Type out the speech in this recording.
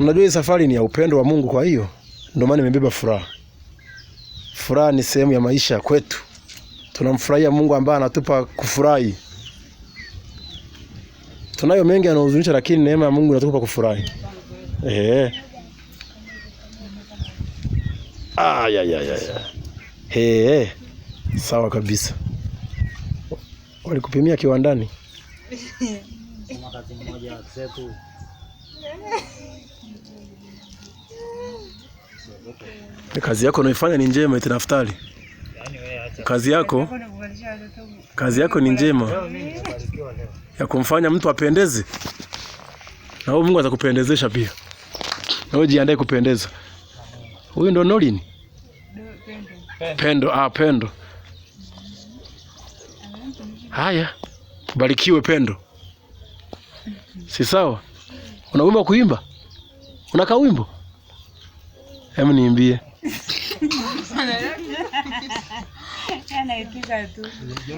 Unajua hii safari ni ya upendo wa Mungu, kwa hiyo ndio maana nimebeba furaha. Furaha ni sehemu ya maisha kwetu, tunamfurahia Mungu ambaye anatupa kufurahi. Tunayo mengi yanayohuzunisha, lakini neema ya Mungu inatupa kufurahi. Eh. Ah, ya, ya, ya. Hey, sawa kabisa. Walikupimia kiwandani? Kazi yako unaifanya ni njema eti Naftali. Yaani kazi yako kazi yako ni njema ya kumfanya mtu apendeze, na wewe Mungu atakupendezesha pia, na wewe jiandae kupendeza. Huyu ndo Nolin Pendo. Ah, Pendo. Haya, barikiwe Pendo, si sawa? Una kuimba, unakaa wimbo Hebu niimbie. Anaipiga tu.